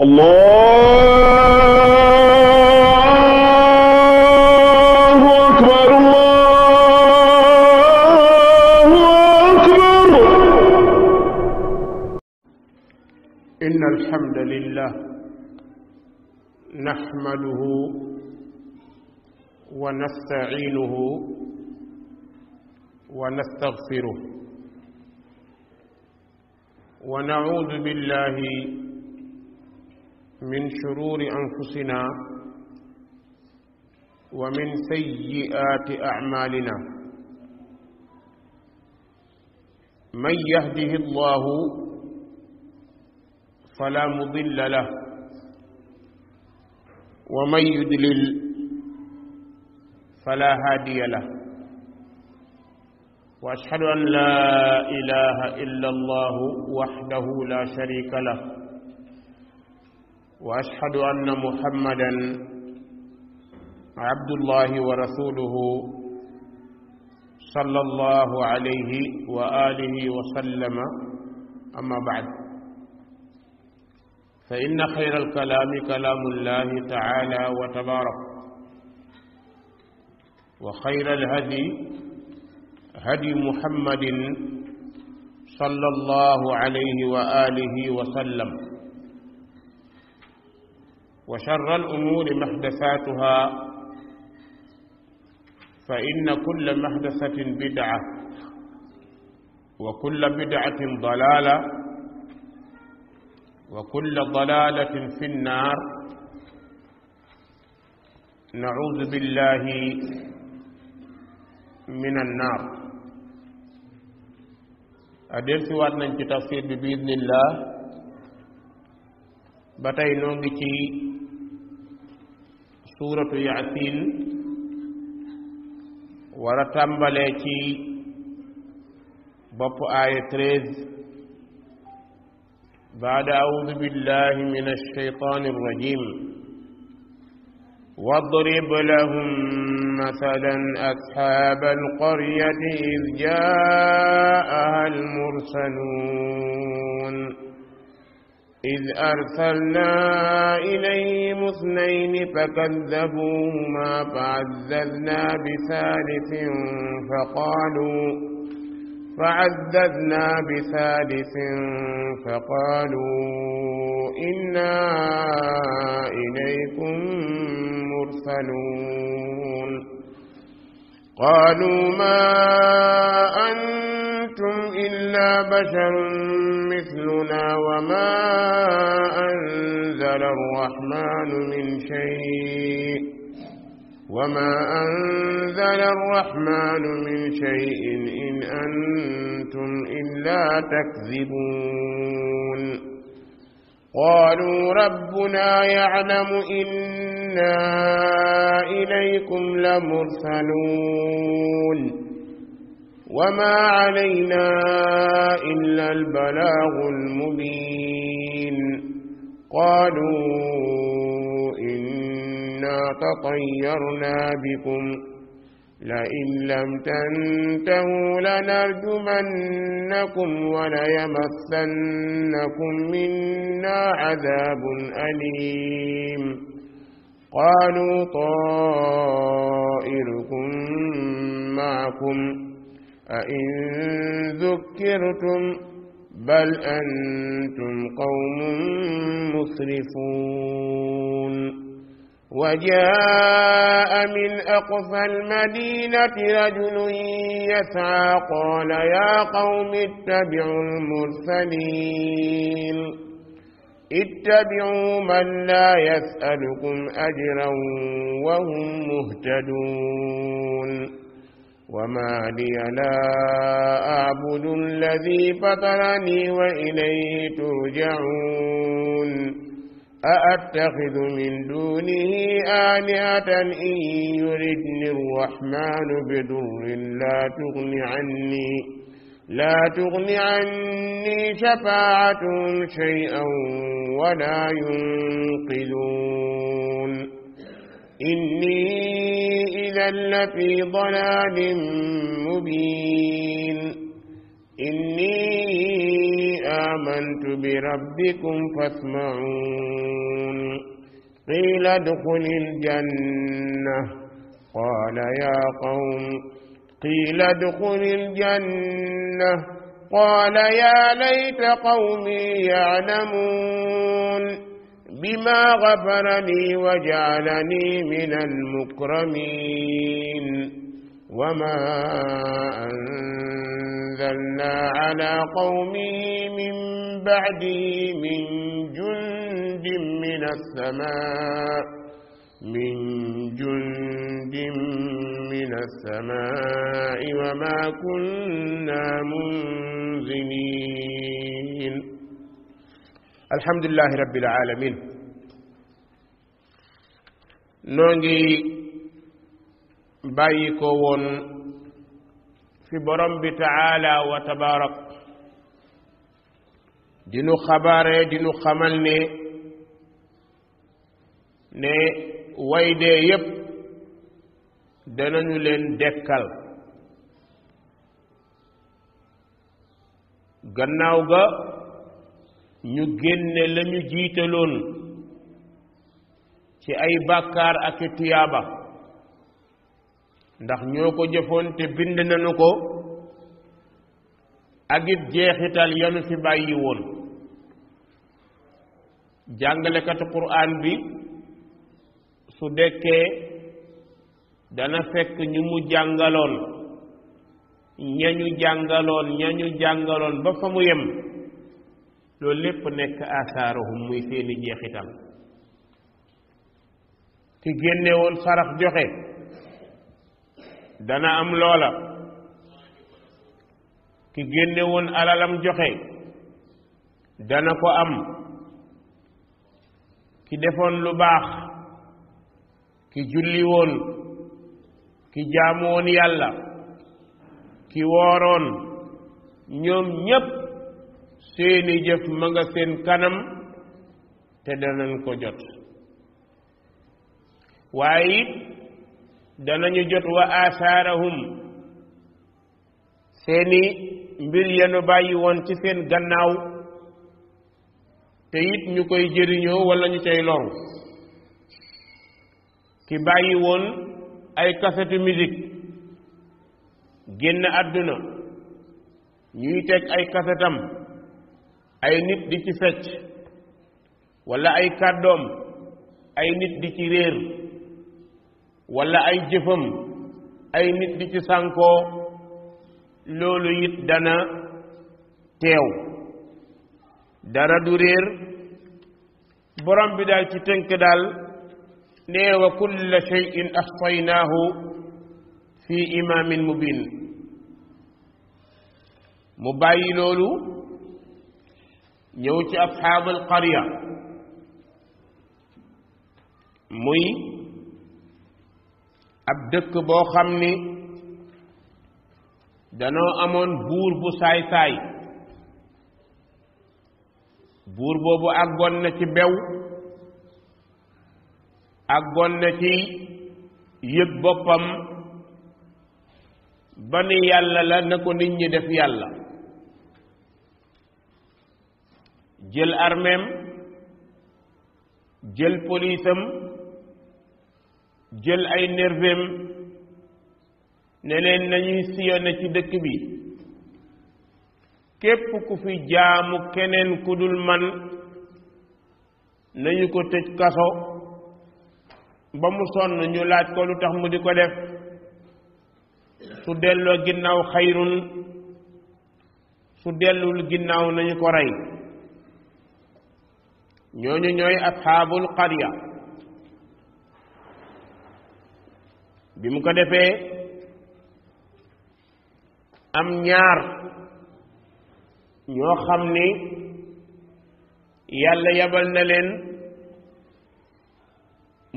الله أكبر الله أكبر إن الحمد لله نحمده ونستعينه ونستغفره ونعوذ بالله من شرور أنفسنا ومن سيئات أعمالنا من يهده الله فلا مضل له ومن يدلل فلا هادي له واشهد ان لا اله الا الله وحده لا شريك له واشهد ان محمدا عبد الله ورسوله صلى الله عليه واله وسلم اما بعد فان خير الكلام كلام الله تعالى وتبارك وخير الهدي هدي محمد صلى الله عليه واله وسلم وشر الأمور محدثاتها فإن كل محدثة بدعة وكل بدعة ضلالة وكل ضلالة في النار نعوذ بالله من النار أدرس واتنا تفسير بإذن الله بتاي نونغي suuratu yasin war a tàmbalee ci bopp aaya 13 بعد أعوذ بالله من الشيطان الرجيم واضرب لهم مثلا أصحاب القرية إذ جاءها المرسلون إذ أرسلنا إليهم اثنين فكذبوهما فعززنا بثالث فقالوا فعززنا بثالث فقالوا إنا إليكم مرسلون قالوا ما أن أنتم إلا بشر مثلنا وما أنزل الرحمن من شيء وما أنزل الرحمن من شيء إن أنتم إلا تكذبون قالوا ربنا يعلم إنا إليكم لمرسلون وما علينا إلا البلاغ المبين قالوا إنا تطيرنا بكم لئن لم تنتهوا لنرجمنكم وليمثنكم منا عذاب أليم قالوا طائركم معكم أئن ذكرتم بل أنتم قوم مسرفون وجاء من أقصى المدينة رجل يسعى قال يا قوم اتبعوا المرسلين اتبعوا من لا يسألكم أجرا وهم مهتدون وما لي لا أعبد الذي فطرني وإليه ترجعون أأتخذ من دونه آلهة إن يردني الرحمن بضر لا تغن عني لا تغن عني شفاعتهم شيئا ولا ينقذون إني إذا لفي ضلال مبين إني آمنت بربكم فاسمعون قيل ادخل الجنة قال يا قوم قيل ادخل الجنة قال يا ليت قومي يعلمون بما غفر لي وجعلني من المكرمين وما أنزلنا على قومه من بعده من جند من السماء من جند من السماء وما كنا منزلين الحمد لله رب العالمين noongi bàyyi ko woon fi borom bi taala wa tabaarak dinu xabaare dinu xamal ne ne way dee yépp danañu leen dekkal gannaaw ga ñu génne la ñu jiitaloon ci ay bakkar ak tiyaba ndax ñoko jëfon te bind nañu ko ak jeexital yalu fi bayyi won jangale kat qur'an bi su dekke dana fekk ñu mu jangalon ñañu jangalon ñañu jangalon ba fa mu yem lol lepp nek asaruhum muy seeni jeexital ki génne woon sarax joxe dana am loola ki génne woon alalam joxe dana ko am ki defoon lu baax ki julli woon ki jaamu woon yàlla ki wooroon ñoom ñépp seeni jëf ma nga seen kanam te danañ ko jot waaye it danañu jot wa asaarahum seeni mbir yenu bàyyi woon ci seen gannaaw te it ñu koy jëriñoo walla ñu cay loru ki bàyyi woon ay kasetu musique génn àdduna ñuy teg ay kasetam ay nit di ci fecc walla ay kàddoom ay nit di ci réer wala ay jëfam ay nit di ci sànkoo loolu it dana teew dara du réer borom bi daal ci tënk daal nee wa kulla shay'in fi imaamin mubin mu bàyyi loolu ñëw ci asxaabul qarya muy ab dëkk boo xam ni danoo amoon buur bu saay-saay buur boobu ak na ci bew ak na ci yëg boppam ba ni yàlla la na ko nit ñi def yàlla jël armeem jël polisam jël ay nerveem ne leen nañuy sillonné ci dëkk bi képp ku fi jaamu keneen ku dul man nañu ko tëj kaso ba mu sonn ñu laaj ko lu tax mu di ko def su delloo ginnaaw xayrun su dellul ginnaaw nañu ko rey ñooñu ñooy asxaabul qarya bi mu ko defee am ñaar ñoo xam ni yàlla yabal na leen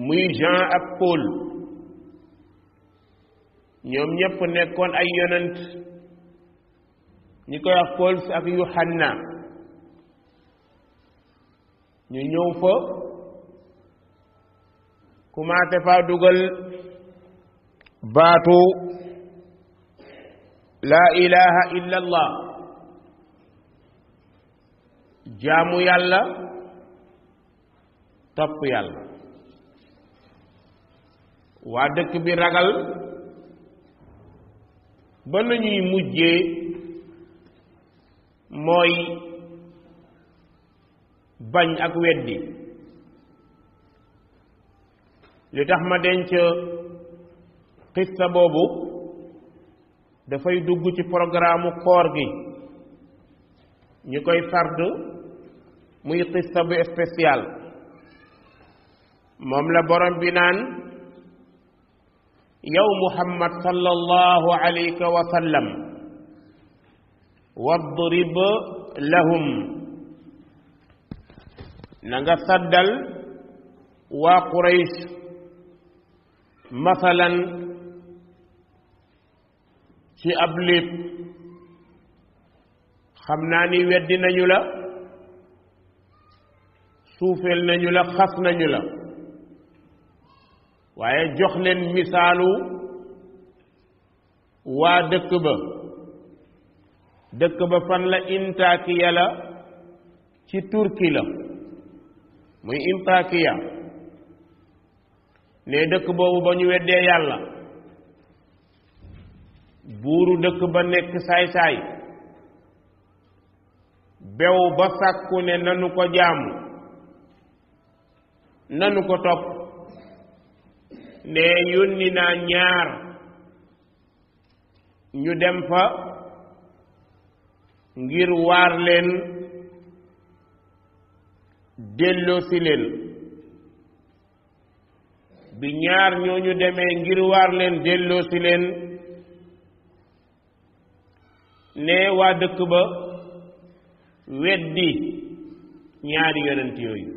muy Jean ak Paul ñoom ñëpp nekkoon ay yonent ñi koy wax Paul ak Yohanna ñu ñëw fa commencé faa dugal باتوا لا إله إلا الله جامو يالا تب يالا وادك برغل بلني مجي موي بني أكويدي لتحمدين شو qissa boobu dafay dugg ci programme koor gi ñu koy sard muy qissa bu spécial moom la borom bi naan yow muhammad sallallahu alayka wa sallam wadrib lahum na nga saddal waa quraish masalan ci ab léeb xam naa ni weddi nañu la suufeel nañu la xas nañu la waaye jox leen misaalu waa dëkk ba dëkk ba fan la Intakiya la ci Turki la muy Intakiya ne dëkk boobu ba ñu weddee yàlla buuru dëkk ba nekk saay-saay bew ba sàkku ne nanu ko jaamu nanu ko topp ne yónni naa ñaar ñu dem fa ngir waar leen bi ñaar ñooñu demee ngir waar leen delloosi ne waa dëkk ba weddi ñaari yonent yooyu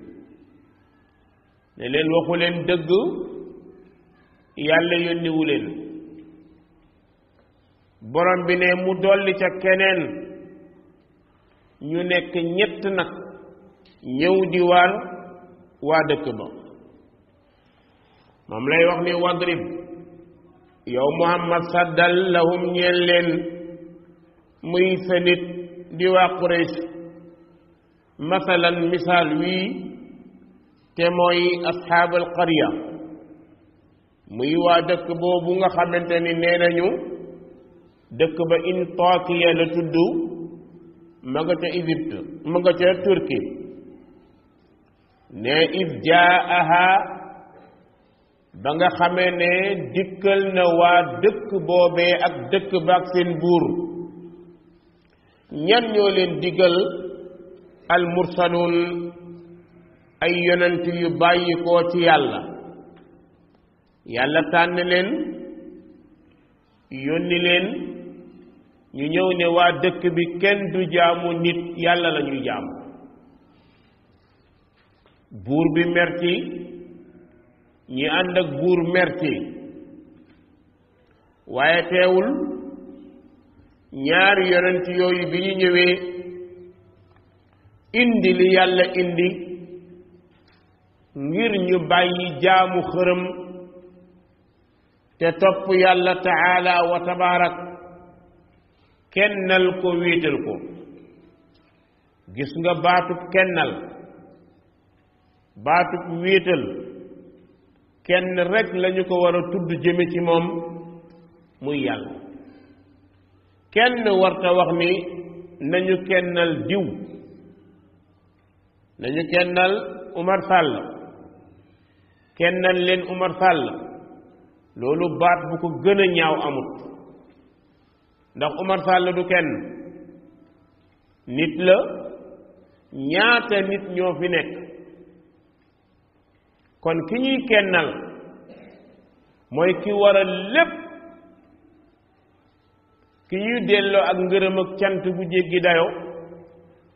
ne leen waxu leen dëgg yàlla yónniwu leen borom bi ne mu dolli ca keneen ñu nekk ñett nag ñëw di waar waa dëkk ba moom lay wax ni wadrib yow muhammad saddal lahum ñeel leen muy sa nit di waa Quraysh masalan misaal wii te mooy asxaabal qarya muy waa dëkk boobu nga xamante ni nee nañu dëkk ba in la tudd ma nga ca Égypte ma nga ca Turquie ne id jaaha ba nga xamee ne dikkal na waa dëkk boobee ak dëkk ba ak seen buur ñan ñoo leen digal al ay yonent yu bàyyi koo ci yàlla yàlla tànn leen yónni leen ñu ñëw ne waa dëkk bi kenn du jaamu nit yàlla la ñuy jaamu buur bi merti ñi ànd ak buur merci waaye teewul ñaari yonent yooyu bi ñu ñëwee indi li yàlla indi ngir ñu bàyyi jaamu xërëm te topp yàlla taala wa tabaarak kennal ko wéetal ko gis nga baatu kennal baatub wéetal kenn rekk lañu ko war a tudd jëme ci moom muy yàlla kenn warta wax ni nañu kennal diw nañu kennal Umar Sall kennal leen Umar Sall loolu baat bu ko gën a ñaaw amut ndax Umar Sall du kenn nit la ñaata nit ñoo fi nekk kon ki ñuy kennal mooy ki waral lépp ki ñuy delloo ak ngërëm ak cant bu jéggi dayoo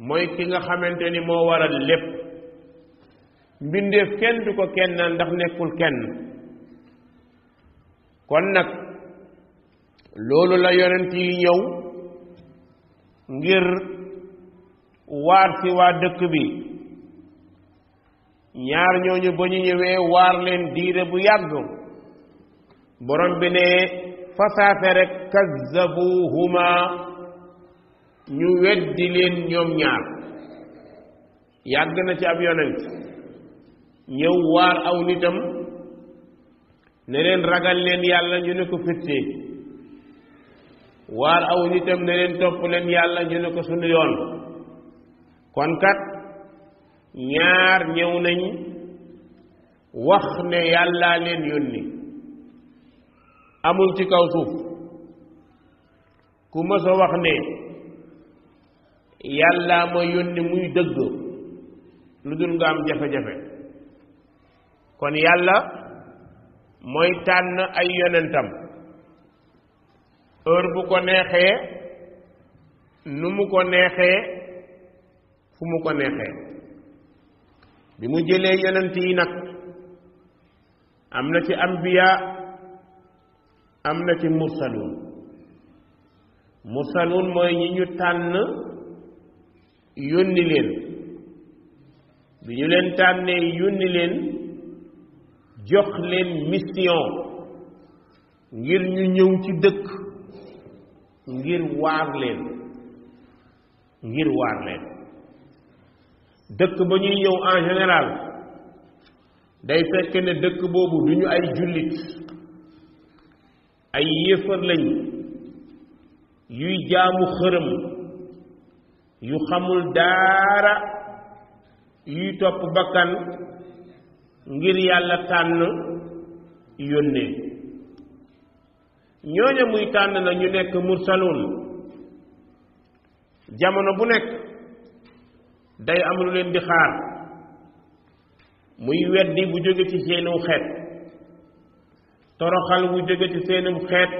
mooy ki nga xamante ni moo waral lépp mbindeef kenn du ko kenn ndax nekkul kenn kon nag loolu la yonent yi ñëw ngir waar ci waa dëkk bi ñaar ñooñu ba ñu ñëwee waar leen diire bu yàgg borom bi ne fa rekk rek kazzabuhuma ñu weddi leen ñoom ñaar yàgg na ci ab yonent ñëw waar aw nitam ne leen ragal leen yàlla ñu ne ko fittee waar aw nitam ne leen topp leen yàlla ñu ne ko sunu yoon kon kat ñaar ñëw nañ wax ne yàllaa leen yónni amul ci kaw suuf ku mës a wax ne yàllaa ma yónni muy dëgg lu dul nga am jafe-jafe kon yàlla mooy tànn ay yonentam heure bu ko neexee nu mu ko neexee fu mu ko neexee bi mu jëlee yonent yi nag am na ci ambiya am na ci mursaluun mursaluun mooy ñi ñu tànn yónni leen bi ñu leen tànnee yónni leen jox leen mission ngir ñu ñëw ci dëkk ngir waar leen ngir waar leen dëkk ba ñuy ñëw en général day fekk ne dëkk boobu du ñu ay jullit ay yéefar lañ yuy jaamu xërëm yu xamul daara yuy topp bakkan ngir yàlla tànn yónnee ñooña muy tànn na ñu nekk mursaluun jamono bu nekk day am lu leen di xaar muy weddi bu jóge ci seenu xet toroxal wu jóge ci seenum xeet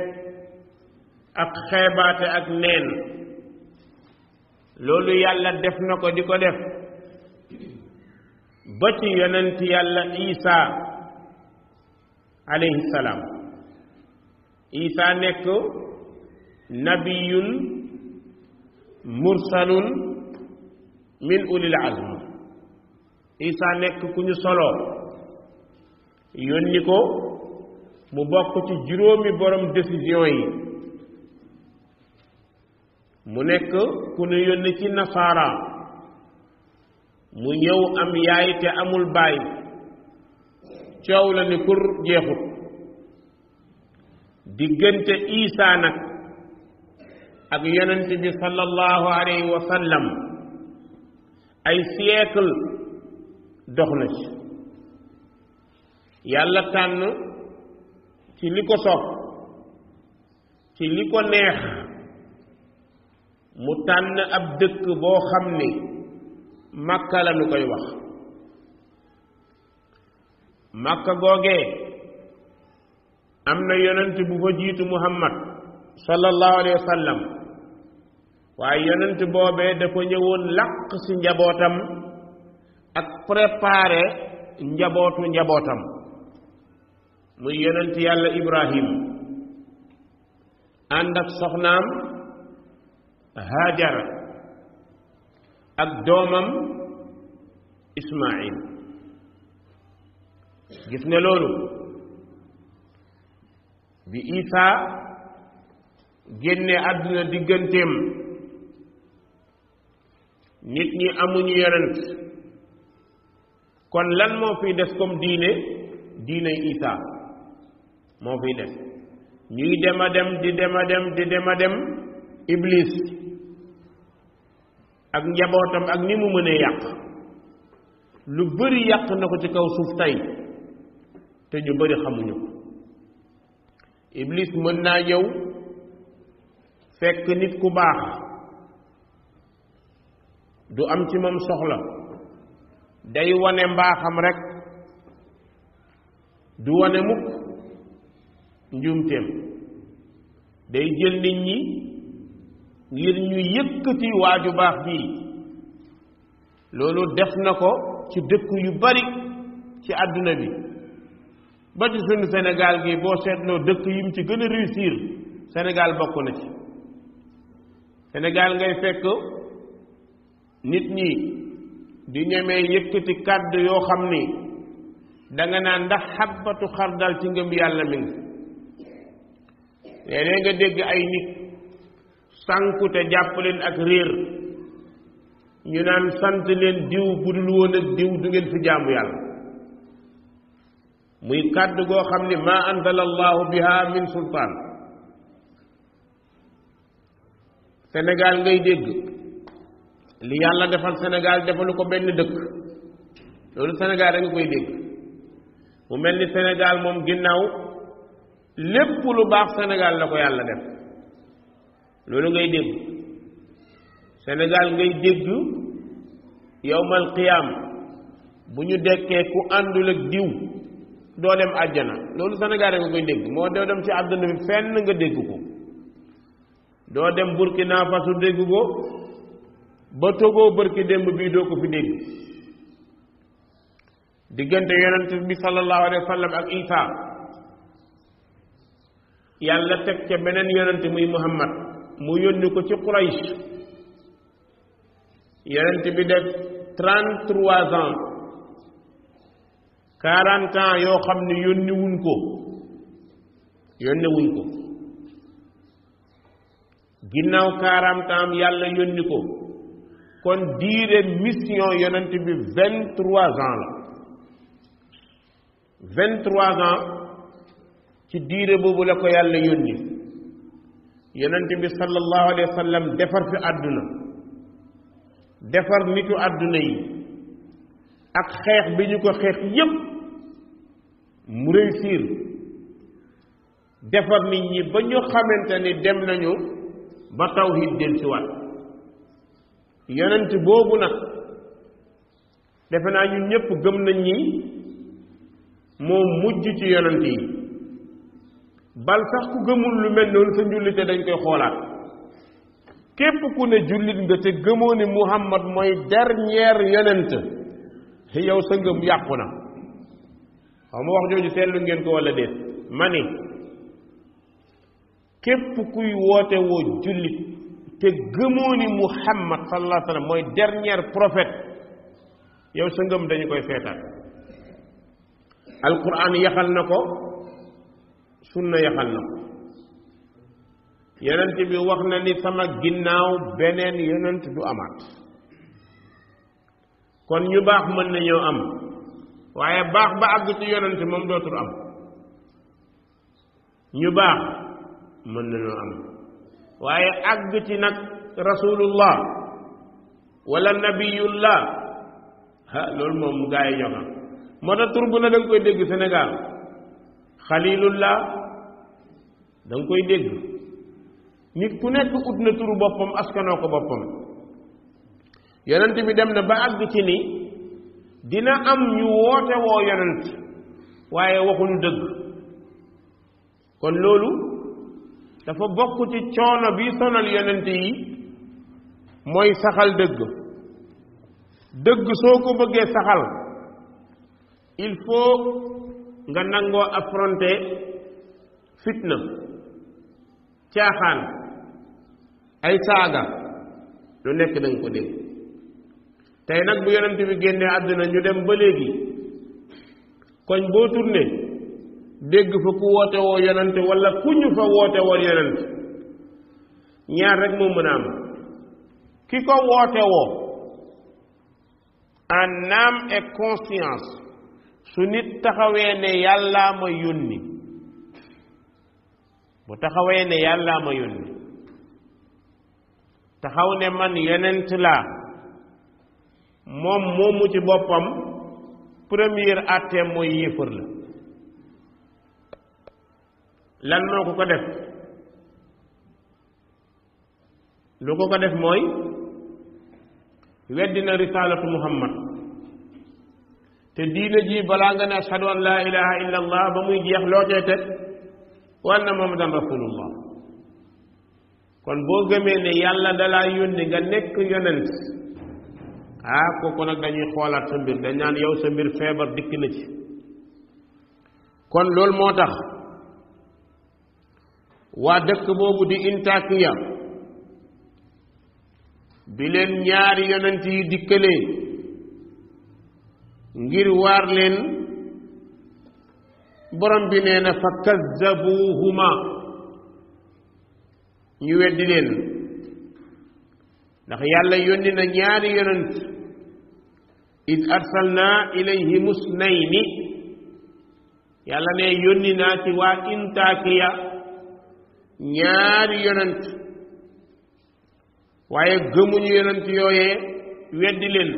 ak xeebaate ak neen loolu yàlla def na ko di ko def ba ci yonent yàlla isa alayhi salaam isa nekk nabiyun mursalun min ulil azm isa nekk ku ñu solo yónni ko mu bokk ci juróomi boroom décision yi mu nekk ku nu yónni ci nasaara mu ñëw am yaay te amul baay coow la ni kur jeexut diggante isaa nag ak yonent bi sallallahu alayhi wa ay siècle dox na ci yàlla tànn ci li ko soob ci li ko neex mu tànn ab dëkk boo xam ni màkka lañu nu koy wax màkka googee am na yonent bu fa jiitu muhammad sallallahu alayhi wa sallam waaye yonent boobee dafa ñëwoon làq ci njabootam ak préparer njabootu njabootam muy yonent yàlla ibrahim ànd ak soxnaam haajara ak doomam ismail gis nga loolu bi isa génne àdduna digganteem nit ñi amuñu yonent kon lan moo fi des kom diine diine isa moo fiy des ñuy dem a dem di dem a dem di dem a dem iblis ak njabootam ak ni mu mënee yàq lu bëri yàq na ko ci kaw suuf tey te ñu bëri xamuñu ko mën naa ñëw fekk nit ku baax du am ci moom soxla day wane mbaaxam rekk du wane mukk njuumteem day jël nit ñi ngir ñu yëkkati waaju baax bii loolu def na ko ci dëkk yu bari ci àdduna bi ba ci sunu Sénégal gi boo seetloo dëkk yi mu ci gën a réussir Sénégal bokk na ci senegal ngay fekk nit ñi di ñemee yëkkati kàddu yoo xam ni danga naan ndax xabbatu xardal ci ngëm yàlla mi ngi léeg nga dégg ay nit sànku te jàpp ak réer ñu naan sant leen diw bu dul woon diw du ngeen fi jaamu yàlla muy kàddu goo xam ni ma anzala allahu biha min sultaan Sénégal ngay dégg li yàlla defal Sénégal defalu ko benn dëkk loolu Sénégal da nga koy dégg mu mel ni senegaal moom ginnaaw lépp lu baax Sénégal la ko yàlla def loolu ngay dégg Sénégal ngay dégg yowmal qiyaam bu ñu dekkee ku àndul ak diw doo dem àjjana loolu Sénégal nga koy dégg moo doo dem ci àdduna bi fenn nga dégg ko doo dem Burkina Faso dégg ko ba Togo bërki démb bii doo ko fi dégg diggante yonent bi sallallahu alayhi wa sallam ak Isa yàlla teg ca beneen yonent muy muhammad mu yónni ko ci Quraysh yonent bi def trente trois ans quarante ans yoo xam ne yónni wuñ ko yónni wuñ ko ginnaaw quarante ans yàlla yónni ko kon diire mission yonent bi vingt trois ans la vingt trois ans ci diire boobu la ko yàlla yónni yonent bi sallallahu alayhi wa defar fi àdduna defar nitu àdduna yi ak xeex bi ñu ko xeex yépp mu réussir defar nit ñi ba ñu xamante ni dem nañu ba taw del si waat yonent boobu nag defe naa ñun ñépp gëm nañ ni moo mujj ci yonent yi bal ku gëmul lu mel noonu sa njullite dañ koy xoolaat képp ku ne jullit nga te gëmoo ne muhammad mooy dernier yonent yow sa ngëm yàqu na xaw ma wax jooju seetlu ngeen ko walla déet ma ni képp kuy woote woo jullit te gëmoo ni muhammad sallallahu mooy dernier prophète yow sa ngëm dañu koy feetaan alquran yaxal na ko sunna yaxal na ko yonent bi wax na ni sama ginnaaw beneen yonent du amaat kon ñu baax mën nañoo am waaye baax ba àgg ci yonent moom dootul am ñu baax mën nañoo am waaye àgg ci nag rasulullah wala nabiyullah ha loolu moom gaa yi moo tax tur bu na da koy dégg Sénégal xalilullah danga koy dégg nit ku nekk ut na turu boppam askanoo ko boppam yonent bi dem na ba àgg ci ni dina am ñu woote woo yonent waaye waxuñu dëgg kon loolu dafa bokk ci coono bi sonal yonent yi mooy saxal dëgg dëgg soo ko bëggee saxal il faut nga nangoo affronter fitna caaxaan ay saaga lu nekk da ko dégg tey nag bu yonent bi génnee àdduna ñu dem ba léegi koñ boo tourné dégg fa ku woote woo yonent wala ku ñu fa woote woo yonent ñaar rek moo mën a am ki ko woote woo en âme et conscience su nit taxawee ne yàllaa ma yónni bu taxawee ne yàllaa ma yónni taxaw ne man yonent laa moom moomu ci boppam premier àtteem mooy yéefar la lan moo ko ko def lu ko ko def mooy weddina risaalatu muhammad te diina ji balaa nga ne ashhadu an laa ilaha illa allah ba muy jeex loo wa anna muhammadan rasulullah kon boo gëmee ne yàlla dalaa yónni nga nekk yonent ah kooku nag dañuy xoolaat sa mbir dañ naan yow sa mbir feebar dikk na ci kon loolu moo tax waa dëkk boobu di intakiya bi leen ñaari yonent yi dikkalee ngir waar leen borom bi nee na fa kazzabuhuma ñu weddi leen ndax yàlla yónni na ñaari yonent id arsalna ilayhim usnayni yàlla ne yónni naa ci waa intaakiya ñaari yonent waaye gëmuñu yonent yooyee weddi leen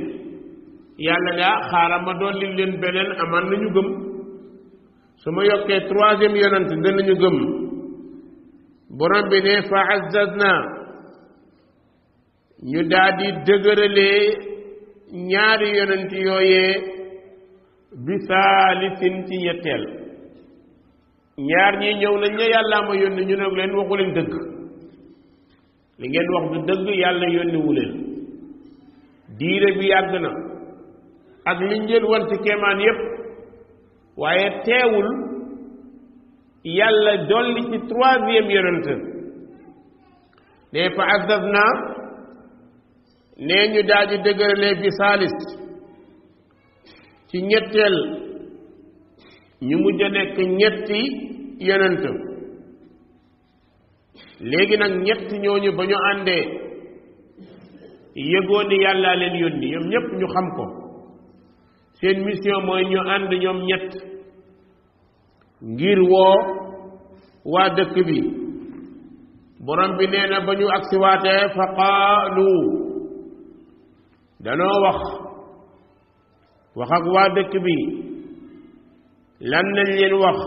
yàlla daa ah xaaral ma dolli leen beneen aman nañu gëm su ma yokkee troisième yonent danañu gëm borom bi ne fa azzazna ñu daal di dëgëralee ñaari yonent yooyee bi saalisin ci ñetteel ñaar ñi ñëw nañ ne yàllaa ma yónni ñu ne leen waxu leen dëgg li ngeen wax du dëgg yàlla yónniwu leen diire bi yàgg na ak liñ leen wan ci kéemaan yépp waaye teewul yàlla dolli ci troisième yonent ne fa azdaf naa nee ñu daal dëgëralee bi saalis ci ñetteel ñu mujj a nekk ñetti yonent léegi nag ñett ñooñu ba ñu àndee yëgoon ni yàllaa leen yónni ñoom ñépp ñu xam ko seen mission mooy ñu ànd ñoom ñett ngir woo waa dëkk bi borom bi nee na ba ñu agsiwaatee fa qaalu danoo wax wax ak waa dëkk bi lan lañ leen wax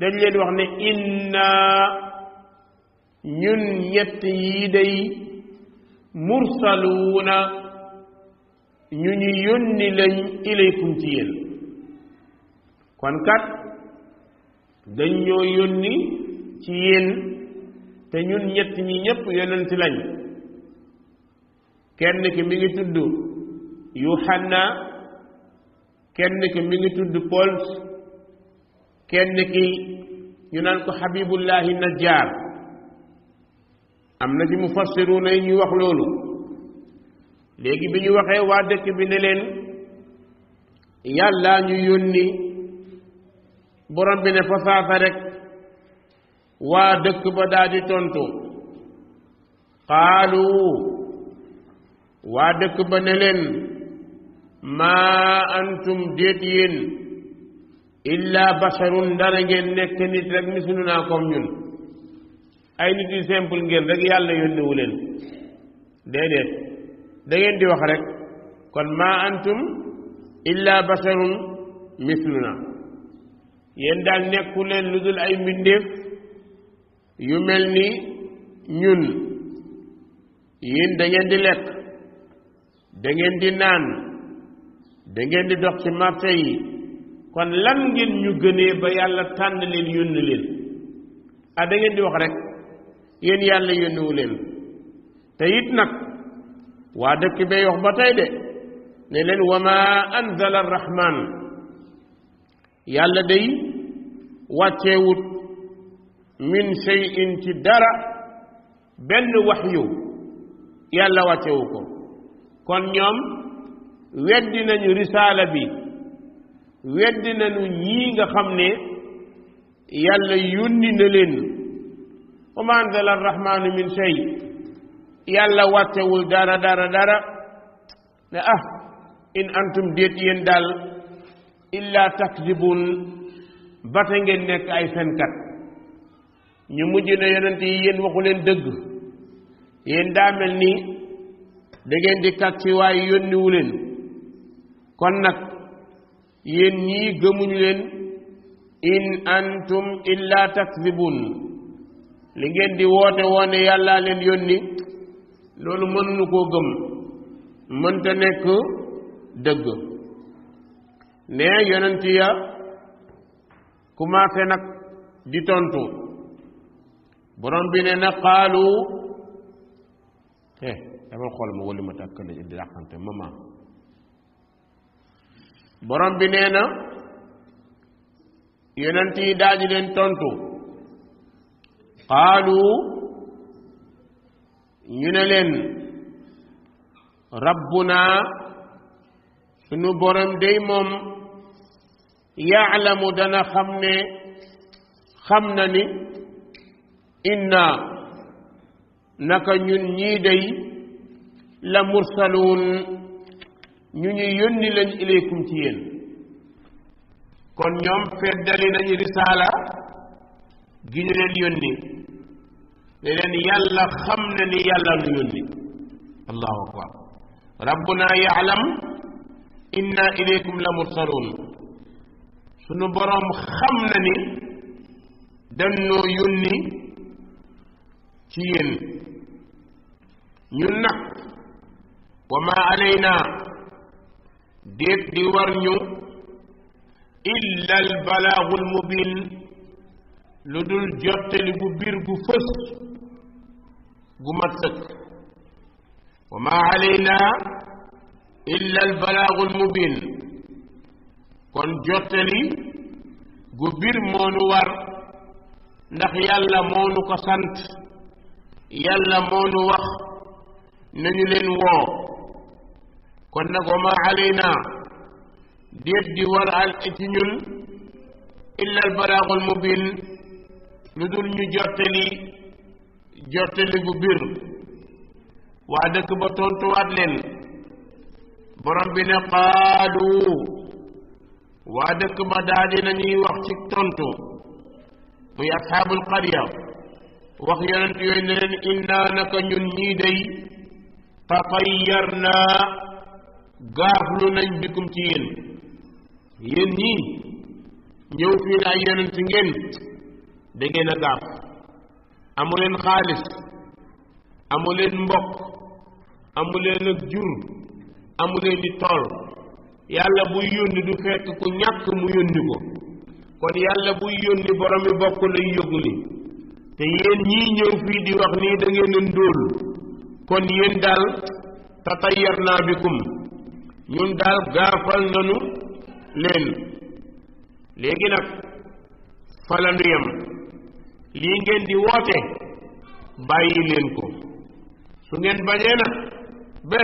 dañ leen wax ne inna ñun ñett yi day mursaluuna ñu ñu yónni lañ ilaykum ci yéen kon kat dañ ñoo yónni ci yéen te ñun ñett ñi ñépp yonent lañ kenn ki mi ngi tudd Yuhanna kenn ki mi ngi tudd Paul kenn ki ñu naan ko Habibullahi Najjar am na ci mufassiruuna yi ñuy wax loolu léegi bi ñu waxee waa dëkk bi ne leen yàlla ñu yónni borom bi ne fasaasa rek waa dëkk ba daal di tontu wa waa dëkk ba ne leen maa antum déet yéen illa basharun dara ngeen nekk nit rek misunu naa comme ñun ay nit yu simple ngeen rek yàlla yónniwu leen déedéet dangeen di wax rek kon ma antum illa basarun misluna yéen daal nekku leen lu dul ay mbindeef yu mel ni ñun yéen dangeen di lekk dangeen di naan da ngeen di dox ci marché yi kon lan ngeen ñu gënee ba yàlla tànn leen yónni leen ah da ngeen di wax rek yéen yàlla yónniwu leen te nag وادك بي يخ دي نيلن وما انزل الرحمن يالا دي واتيوت من شيء تي دارا بن وحيو يالا واتيوكو كون يوم ويدي نانيو رساله بي ويدي نانو نيغا خامني يالا يوني نلين وما انزل الرحمن من شيء yalla wattewul dara dara dara ne ah in antum deet yen dal illa takzibun bata ngeen nekk ay fenkat ñu mujj ne yonent yi yéen waxu leen dëgg yéen daa mel ni da ngeen di kat ci waaye yónniwu leen kon nag yéen ñii gëmuñu leen in antum illa takzibun li ngeen di woote woone yàllaa leen yónni loolu mënuñu koo gëm mënta nekk dëgg ne yonent ya commencé nag di tontu borom bi ne na xaalu eh dama xool ma wala ma tàkkale di dàqante mama borom bi nee na yonent yi daal tontu xaalu ñu ne leen rabbuna sunu borom day moom yaalamu dana xam ne xam na ni inna naka ñun ñii day la mursaluun ñu ñuy yónni lañ ilaykum ci kon ñoom feddali nañu risaala gi ñu leen yónni لين يلا خمن لي يلا نيوني الله أكبر ربنا يعلم إنا إليكم لمرسلون سنو برام خمنني دنو يوني تين ñun nag wa ma alayna déet di war ñu illa al balaagu al mubin lu dul jotali bu bir gu fës قمت وما علينا إلا البلاغ المبين كون جوتلي غبير مونو وار نخ يالا مونو كسانت يالا مونو وخ نني لين و كون نكو ما علينا ديت دي وار ال الا البلاغ المبين لدول ني جوتلي jottali gu bir waa dëkk ba tontuwaat leen borom bi ne qaalu waa dëkk ba daal di nañuy wax ci tontu muy asxaabul qarya wax yonent yooyu ne leen innaa naka ñun ñii day tatayyar naa gaaflu nañ bikum ci yéen yéen ñii ñëw fii ne ay yonent ngeen da ngeen a gaaf amu leen xaalis amu leen mbokk amu leen ak jur amu leen i tool yàlla buy yónni du fekk ku ñàkk mu yónni ko kon yàlla buy yónni borom mi bokk lay te yéen ñii ñëw fii di wax nii da ngeen kon yéen daal tatayar naa bikum ñun daal gaafal nanu leen léegi nag fa la nu yem li ngeen di wote bàyyi leen ko su ngeen bañee nag ba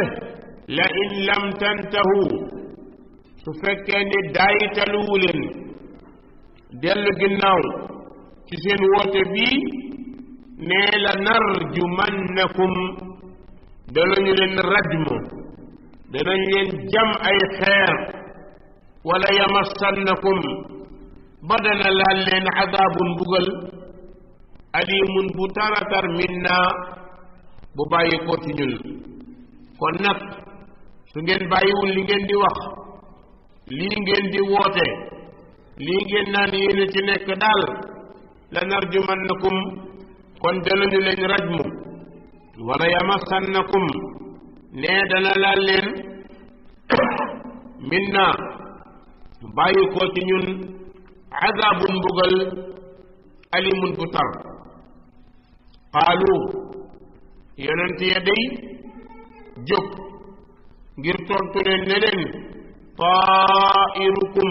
la in lam tantahu su fekkee ni daayitaluwu leen dellu ginnaaw ci seen wote bii nee la narju narjumannakum danañu leen rajmo danañ leen jam ay xeer wala yamassannakum badana dana laal leen adaabun mbugal alimun bu taratar minna bu bàyyi ko ñun kon nag su ngeen bàyyiwul li ngeen di wax lii ngeen di woote lii ngeen naan yéen ci nekk daal lanarjumannakum kon danañu leen rajmu wala yamassannakum nee dana laal leen minna bàyyi ko ci ñun azabun mbugal alimun bu tar xaalu yonent ya day jóg ngir tontu leen ne leen taairukum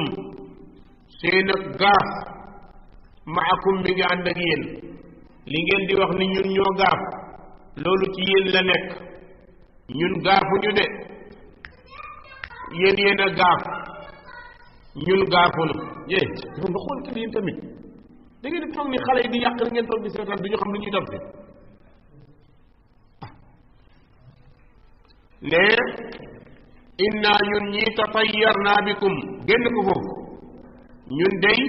seen ak gaaf maakum mi ngi ànd ak yéen li ngeen di wax ni ñun ñoo gaaf loolu ci yéen la nekk ñun gaafuñu de yéen yéen a gaaf ñun gaafunu yee tamit da ngeen di toog ni xale yi di yàq rek ngeen toog di seetaan du ñu xam lu ñuy def ne inna ñun ñii tatayar naa bikum génn ko foofu ñun day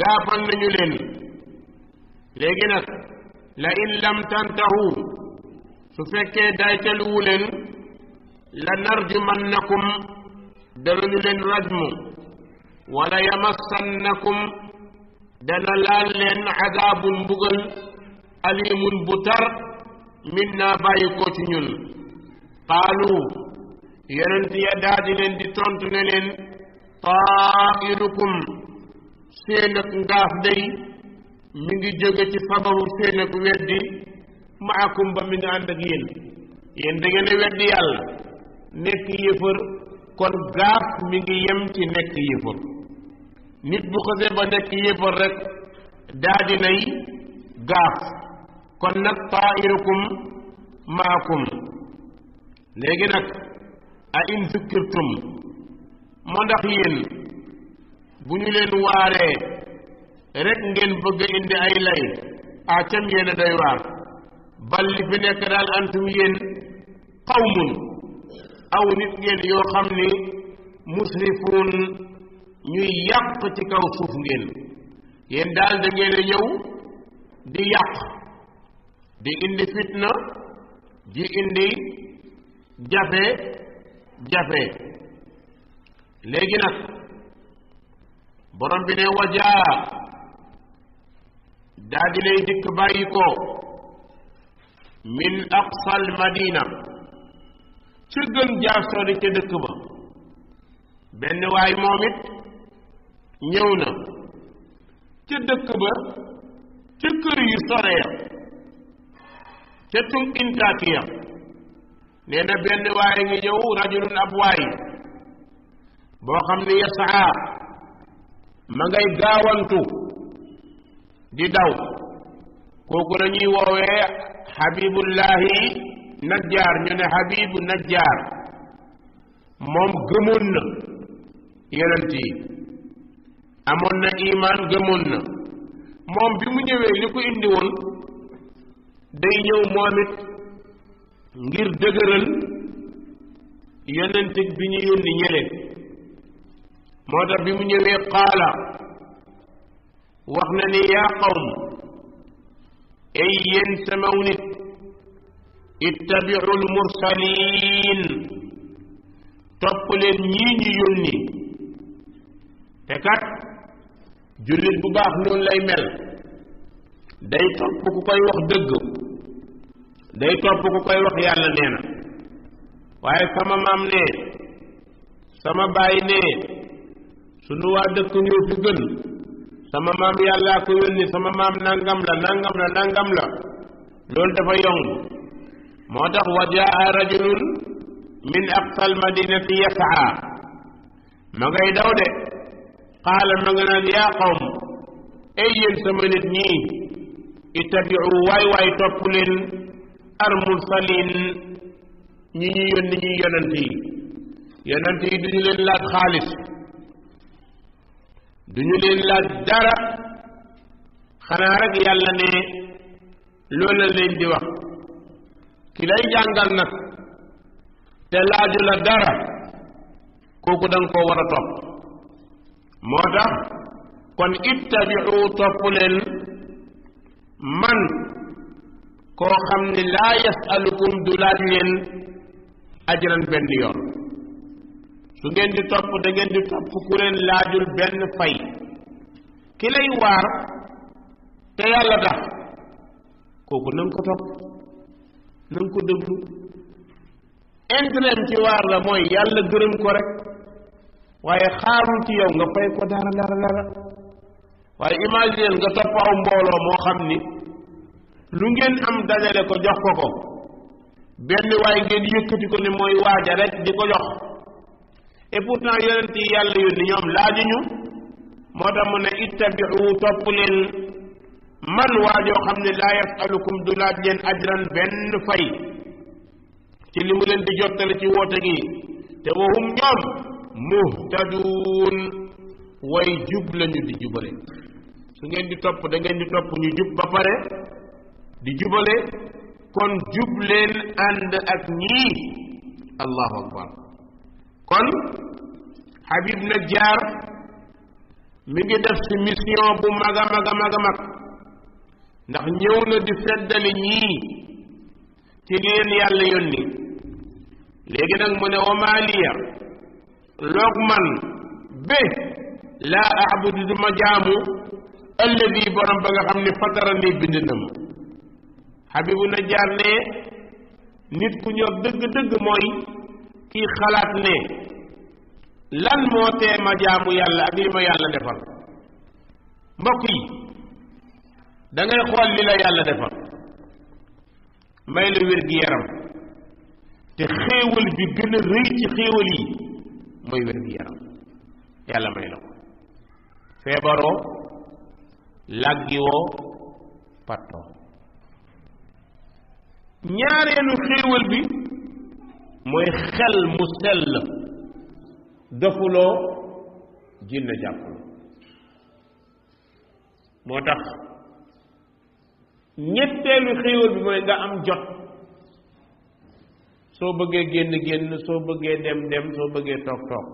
gaafal nañu leen léegi nag la in lam tantahu su fekkee day teluwu leen la narjumannakum danañu leen rajmu wala yamassannakum dana laal leen adaabun mbugal alimun bu tar min naa bàyyi ko ci ñun qaalu yonent ya daal di leen di tontu ne leen taa'irukum seen ak ngaaf day mi ngi jóge ci sababu seen ak weddi maakum ba mi ngi ànd ak yéen yéen da ngeen a weddi yàlla nekk yëfër kon gaaf mi ngi yem ci nekk yëfër nit bu xëse ba nekk yéefar rek daa dinay gaaf kon nag taairukum maakum léegi nag a in zukkirtum moo ndax yéen bu ñu leen waaree rek ngeen bëgg indi ay lay a cam yéen waar bal li fi nekk daal antum yéen qawmun aw nit ngeen yoo xam ni musrifuun ñuy yàq ci kaw suuf ngeen yéen daal da ngeen di yàq di indi fitna di indi jafe jafe léegi nag borom bi ne wajaa daa lay dikk bàyyi ko min aqsal madina ci gën jaar sori ca dëkk ba benn waay moom it ñëw na ca dëkk ba ca kër yu sore ya ca tum intaaki ya nee na benn waaye ngi ñëw rajulun ab boo xam ne yasaa ma ngay gaawantu di daw kooku la woowee xabibullahi najjaar ñu ne xabibu najjaar moom gëmoon na yonent yi amoon na imaan gëmoon na moom bi mu ñëwee li ko indi woon day ñëw moom it ngir dëgëral yonent bi ñu yónni ñële moo tax bi mu ñëwee qaala wax na ni yaa qawm ay yéen samaw nit ittabi'u lmursaliin topp leen ñii ñu yónni te kat jullit bu baax noonu lay mel day topp ku koy wax dëgg day topp ku koy wax yàlla nee na waaye sama maam ne sama baay ne sunu waa dëkk ñoo fi gën sama maam yàllaa ko yónni sama maam nangam la nangam la nangam la loolu dafa yomb moo tax wa jaa rajulun min aqsal madinati yasaa ma ngay daw de قال مغنان يا قوم اي سمنت ني اتبعوا واي واي توبلين المرسلين ني ني يون ني يوننتي يوننتي دي لين لا خالص دي لين لا دار خنا رك يالا ني لولا لين دي واخ كي لاي جانغال nak تلاجو لا دار كوكو koku dang ورا wara moo tax kon ittabiu topp leen man koo xam ne laa yasalukum du laaj leen ajran benn yoon su ngeen di topp da di topp ku leen laajul benn fay ki lay waar te yàlla tax kooku na nga ko topp na nga ko déglu intérêt ci waar la mooy yàlla gërëm ko rek waaye xaarul ci yow nga fay ko dara dara dara waaye imagine nga topp aw mbooloo moo xam ni lu ngeen am dajale ko jox ko ko benn waaye ngeen yëkkati ko ne mooy waaja rek di ko jox et pourtant yonent yi yàlla yónni ñoom laajuñu moo tax mu ne ittabiu topp leen man waajoo xam ne laa yasalukum du laaj ajran benn fay ci li leen di jottale ci woote gi te waxum ñoom muhtadun way jub lañu di jubale su ngeen di top da ngeen di top ñu jub ba pare di jubale kon jublen leen and ak ñi allahu akbar kon habib na jaar mi ngi def ci mission bu maga maga maga mag ndax ñew na di seddali ñi ci leen yalla yonni legi nak mu ne o loog man bé laa abudu duma jaamu alladi borom ba nga xam ne fatara ni bind na ma xabibu na jaar ne nit ku ñor dëgg-dëgg mooy kii xalaat ne lan moo tee jaamu yàlla ak li ma yàlla defal mbokk yi da xool li la yàlla defal may la wér gi yaram te xéewal bi gën a rëy ci xéewal yi mooy wér-gu-yaram yàlla may la ko feebaroo làggiwoo pattoo ñaareelu xéewal bi mooy xel mu sell dofuloo jinne jàppul moo tax ñetteelu xéewal bi mooy nga am jot soo bëggee génn génn soo bëggee dem dem soo bëggee toog toog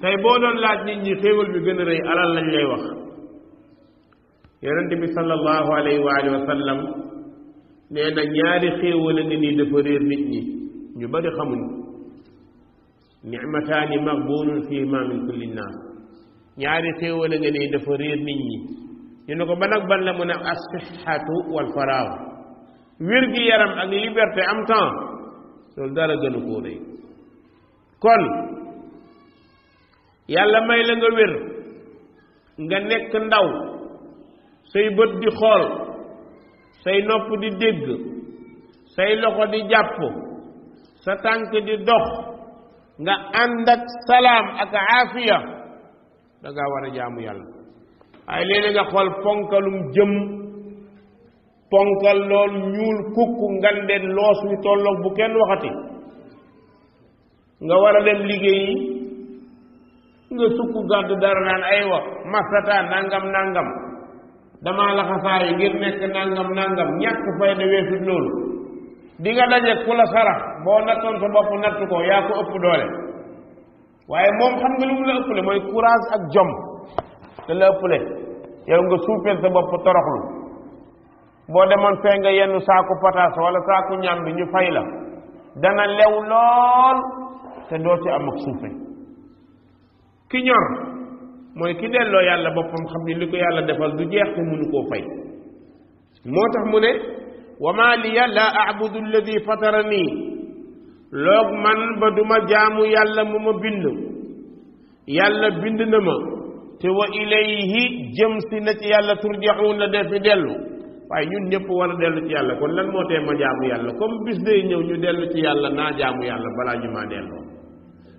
tey boo doon laaj nit ñi bi gën a rëy alal lañ lay wax yonent bi sallallahu alayhi wa alihi na ñaari xéewal a dafa réer nit ñu bari xamuñ nicmataani magbunun fihima min kulli naas ñaari xéewal a ngi nii dafa réer nit ñu ne ko ban ak ban la mu ne asihatu wal faraaw wér gi yaram ak liberté am temps loolu dara gënu koo rëy kon yàlla may la nga wér nga nekk ndaw say bët di xool say nopp di dégg say loxo di jàpp sa tànk di dox nga ànd ak salaam ak aafiya danga war a jaamu yàlla waaye léeg-léeg nga xool ponkalum jëm ponkal lool ñuul kukk ngandeen loos wi tolloog bu kenn waxati nga war a dem liggéey nga sukk gàdd dara naan ay wa masata nangam nangam damaa la xasaay ngir nekk nangam nangam ñàkk fayda weesut loolu di nga daje ku la sarax boo nattoon sa bopp natt ko yaa ko ëpp doole waaye moom xam nga lu mu la ëppale mooy courage ak jom te la ëppale yow nga suufeel sa bopp toroxlu boo demoon fee nga yenn saaku pataas wala saaku ñàmbi ñu fay la dana lew lool te doo ci am ak suufe ki ñor mooy ki delloo yàlla boppam xam ni li ko yàlla defal du jeex te mënu koo fay moo tax mu ne wa maa liya laa abudu alladi fatara loog man ba duma jaamu yàlla mu ma bind yàlla bind na ma te wa ilayhi jëm si na yàlla turjaxuun la def fi dellu waaye ñun ñëpp war a dellu ci yàlla kon lan moo tee ma jaamu yàlla comme bis day ñëw ñu dellu ci yàlla naa jaamu yàlla balaa ñu maa delloo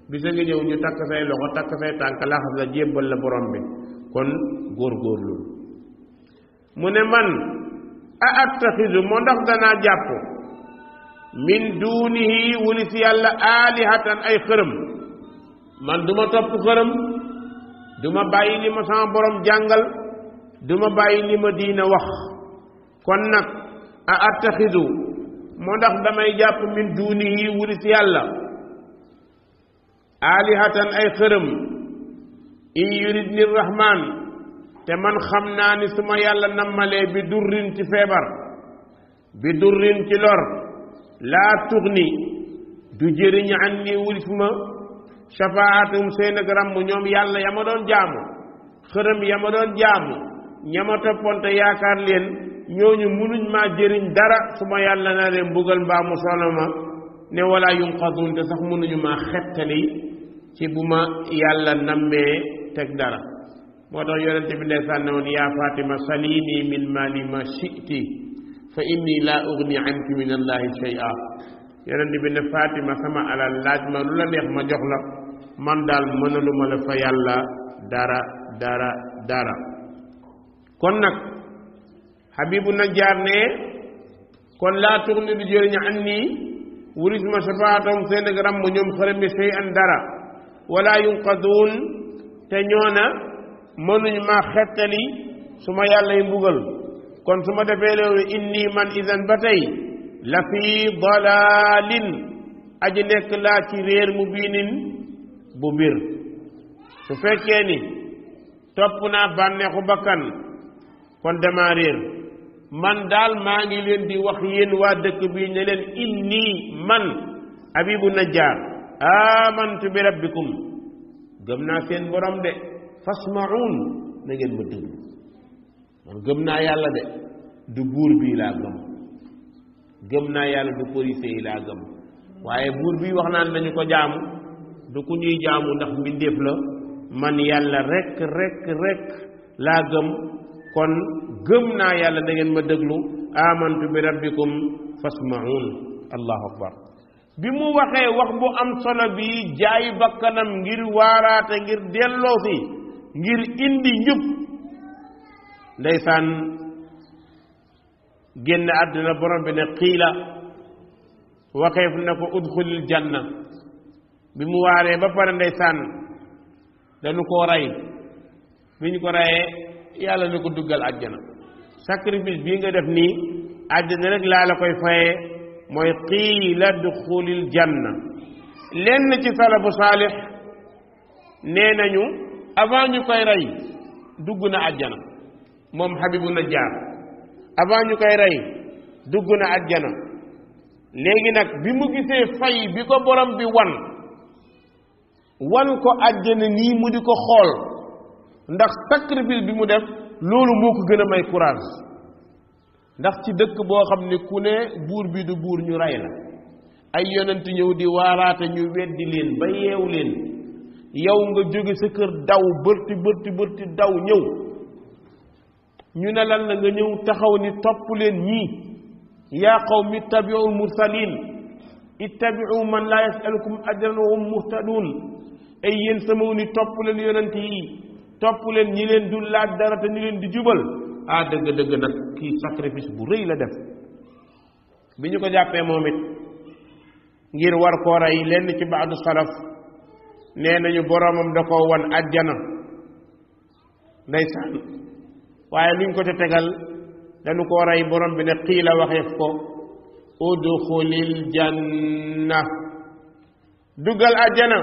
bis a ñëw ñu takk say loxo takk say tànk laxas la jébbal la borom bi kon góor góorlu mu ne man a attaxisu moo ndax danaa jàpp min duunihi wuli si yàlla aalihatan ay xërëm man duma ma topp xërëm du bàyyi li ma sama borom jàngal duma bàyyi li ma diina wax kon nag a attaxidu moo ndax damay jàpp min duunihi wuri yàlla aalihatan ay xërëm in yurid ni rahman te man xam naa ni suma yàlla nammalee bi durrin ci feebar bi durrin ci lor laa tugni du jëriñ an ni wulis ma shafaatum seen ak ràmm ñoom yàlla ya ma doon jaamu xërëm ya doon jaamu ña ma toppoon yaakaar leen ñooñu munuñ ma jëriñ dara suma yàlla na leen mbugal mbaa mu sono ma ne wala yunqadun te sax munuñu ma xettali ci bu ma yàlla nammee teg dara moo tax yonente bi ne sànne woon yaa fatima salini min mali ma shiti fa inni la ugni anki min allahi shay'a yonente bi ne fatima sama alal laaj ma lu la neex ma jox la man daal mënalu la fa yàlla dara dara dara kon nag Habibu Najjaar ne kon laa tuxni du jëriñ an nii wuris ma safaatom seen ak ràmm ñoom xërëm bi sey an dara wala yunqaduun te ñoona mënuñ ma xettali su ma yàlla yi mbugal kon su ma defee loolu inni man idan ba tey la fi dalalin aji nekk laa ci réer mu biinin bu mbir su fekkee ni topp naa bànneexu bakkan kon dama réer man daal maa ngi leen di wax yéen waa dëkk bi ne leen inni man abibu najjaar amantu bi rabbikum gëm naa seen borom de fasmaun na ngeen ma déglu man gëm naa yàlla de du buur bii laa gëm gëm naa yàlla du police yi laa gëm waaye buur bii wax naan dañu ko jaamu du ku ñuy jaamu ndax mbindéef la man yàlla rek rek rek laa gëm kon gëm naa yàlla dangeen ma déglu amantu bi rabbikum fasmaun allahu akbar bi mu waxee wax bu am solo bi jaay bakkanam ngir waaraate ngir delloosi ngir indi njub ndeysaan génn àddina borom bi ne xiila waxeef na ko udxulil janna bi mu waaree ba pare ndeysaan dañu koo rey bi ñu ko reyee yàlla ne ko duggal àjjana sacrifice bii nga def nii àddina rek laa la koy fayee mooy qiila duxulil janna lenn ci salafu saalix nee nañu avant ñu koy rey dugg na àjjana moom na Najjaar avant ñu koy rey dugg na àjjana léegi nag bi mu gisee fay bi ko borom bi wan wan ko àjjana nii mu di ko xool ndax sacrifice bi mu def loolu moo ko gën a may courage ndax ci dëkk boo xam ne ku ne buur bi du buur ñu rey la ay yonent ñëw di waaraate ñu weddi leen ba yeew leen yow nga jóge sa kër daw bërti bërti bërti daw ñëw ñu ne na la nga ñëw taxaw ni topp leen ñii yaa qawmi ittabi'u mursalin ittabi'u man laa yas'alukum ajran wa muhtadun ay yéen sama ni topp leen yonent yi topp leen ñi leen du laaj dara te ñu leen di jubal ah dëgg dëgg nag kii sacrifice bu rëy la def bi ñu ko jàppee moom it ngir war koo rey lenn ci baadu salaf nee nañu boromam da ko wan ajjana ndeysaan waaye luñ ko ca tegal dañu koo rey borom bi ne xiila waxeef ko udxulil janna duggal ajjana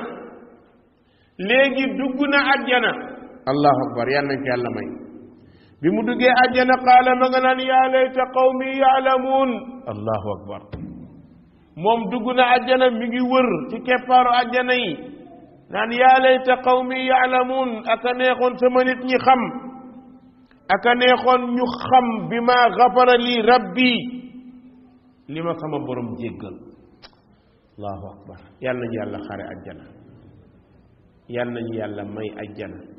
léegi dugg na ajjana allahu akbar yal nañ ko yàlla may bi mu duggee àjjana qaala ma nga naan yaa layta qawmi yaalamuun allahu akbar moom dugg na àjjana mi ngi wër ci keppaaru àjjana yi naan yaa layta qawmi yaalamuun aka neexoon sama nit ñi xam aka neexoon ñu xam bi maa xafara lii rabbi li ma sama borom jéggal allahu akbar yal nañu yàlla xare àjjana yal nañu yàlla may àjjana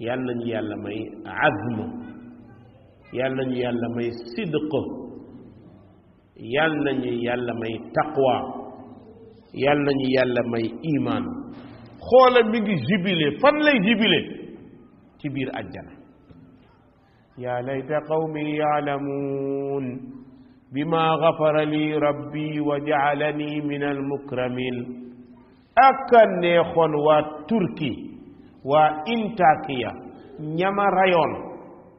يالا يالا ماي عزم يالا يالا ماي صدق يالا يالا ماي تقوى يالا يالا ماي ايمان خولا ميغي جبيلي فان لاي كبير الجنه يا ليت قومي يعلمون بما غفر لي ربي وجعلني من المكرمين أكن نيخون واتركي تركي waa intaakiya ñama rayoon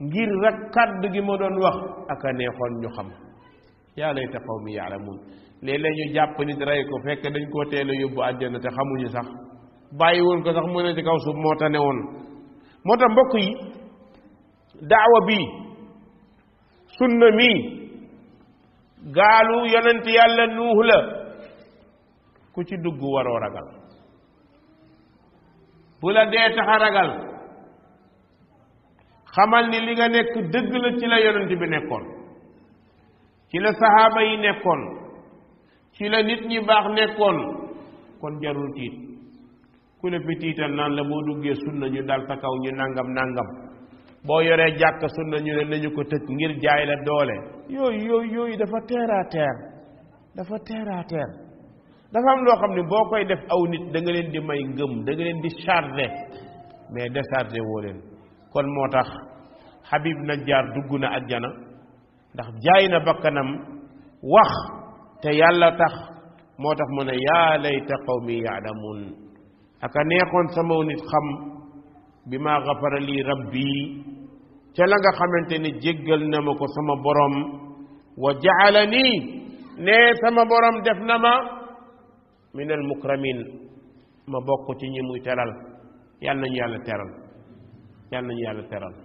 ngir rek kàddu gi ma doon wax ak a neexoon ñu xam yaa layta qawmi yaalamuun léeg-léeg ñu jàpp nit rey ko fekk dañ koo teel a yóbbu àjjana te xamuñu sax bàyyi woon ko sax mu ne ci kaw suuf moo tane woon moo tax mbokk yi daawa bii sunna mii gaalu yonent yàlla nuux la ku ci dugg waroo ragal bu la dee tax ragal xamal ni li nga nekk dëgg la ci la yonent bi nekkoon ci la saxaaba yi nekkoon ci la nit ñi baax nekkoon kon jarul tiit ku la fi tiital naan la boo duggee sunna ñu dal sa kaw ñu nangam nangam boo yore jàkk sunna ñu la nañu ko tëj ngir jaay la doole yooyu yooyu dafa teer à dafa teer dafa am loo xam ne boo koy def aw nit danga leen di may ngëm danga leen di chargé mais déchargé woo leen kon moo tax Habib jaar dugg na jana ndax jaay na bakkanam wax te yàlla tax moo tax a ne yaa layta qawmi yaalamuun aka neexoon sama nit xam bi maa xafara lii rabbi ca la nga xamante ne jéggal na ma ko sama borom wa jaala ne sama borom def na ma من المكرمين ما بوكو تي ني موي تيرال يالنا ني يالا تيرال يالنا ني يالا تيرال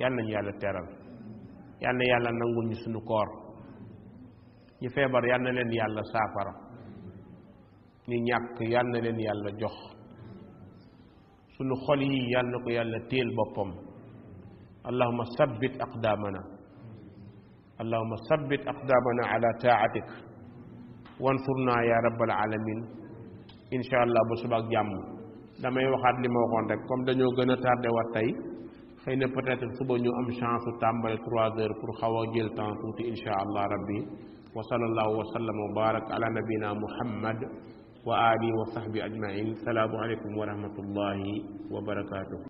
يالنا ني يالا تيرال يالنا يالا نانغول ني سونو كور ني فيبر يالنا لين يالا سافر ني نياك يالنا لين يالا جوخ سونو خول يي يالنا كو يالا تيل بوبم اللهم ثبت اقدامنا اللهم ثبت اقدامنا على طاعتك wansurnaa yaa rabbal alamin incha allah ba subak jàmm damay waxaat li ma rek comme dañoo gën a tardé wat tey xëy na peut-être suba ñu am chance su tàmbale trois heures pour xaw a jël temps tuuti incha allah rabbi wa sallallahu wa sallam wa barak ala nabina muhammad wa alihi wa sahbi ajmain salaamu aleykum wa rahmatullahi wa barakatuh